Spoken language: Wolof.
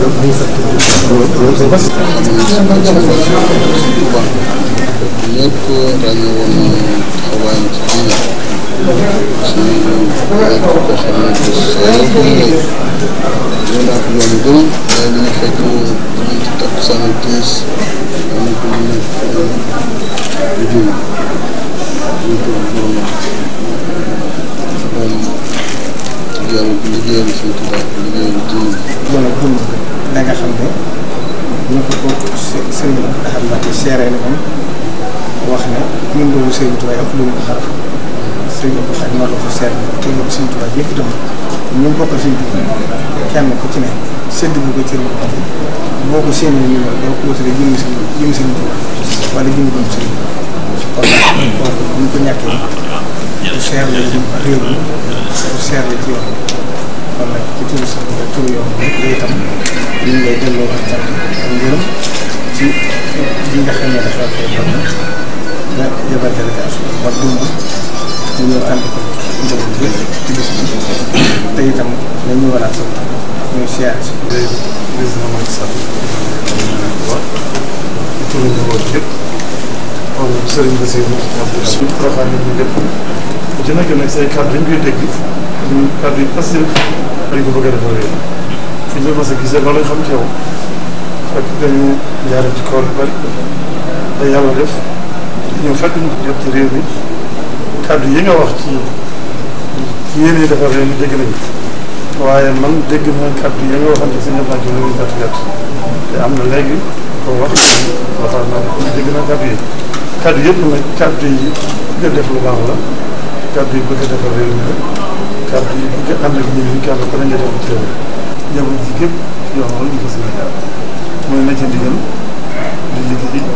ñëpp ràññee woon taxawaayam ci diine ci nekk koo ko yoon gëm waaye dina fekk ñu ci takk sànni tiis dana ko ñu nekk lu jëm liggéeyal suñu tubaab liggéeyal diine bi. mën a dund da nga xam ne ñu ko bokk sëriñ Ahmadu Mbacké seeree na moom wax ne ñun loolu sëriñ tubaab ëpp luñu ko xaraf sëriñ Abdou Khadre moo la ko seer te ñoom suñu tubaab yëpp itam ñu bokk suñu tubaab kenn ku ci ne sëdd bu ko cër boo ko séenee ñu ne doo ko wutale jëm sëriñ jëm sëriñ tubaab wala jëm doon sëriñ kon ñu ko ñàkkee seer la ci réew mi seer la bi itam nga xam ne dafa koy bon nga yabal délégation ba dund ñu ñëw ànd ko njëriñ bi ci bis bi te itam dañu war a sa ñu siyaare si sëriñ Bassirou suñu profane yi ñu def ku ci nekk nag say kàddu dañ koy dégg ñu kàddu yi passé dañ ko bëgg a defal réew fi ñu mas a gisee loolu lañ xam ci yow fekk dañu jaaree ci kaw lu bari te def ñëw fekk ñu jot ci réew mi yi nga wax ci yéene defar réew mi dégg nañu waaye man dégg naa kàddu yi nga waxante si ñoom laaj yu gàtt am na léegi koo wax waxtaan naa kaddu yëpp nag kaddu yi bëgg a def lu baax la kaddu yi bëgg a defal réew mi la kaddu yi bëgg a ànd ak ñi ñu kenn ku ne nga def ci réew mi jaww ji gépp yoon wala ñu ko mooy na ci ndigal di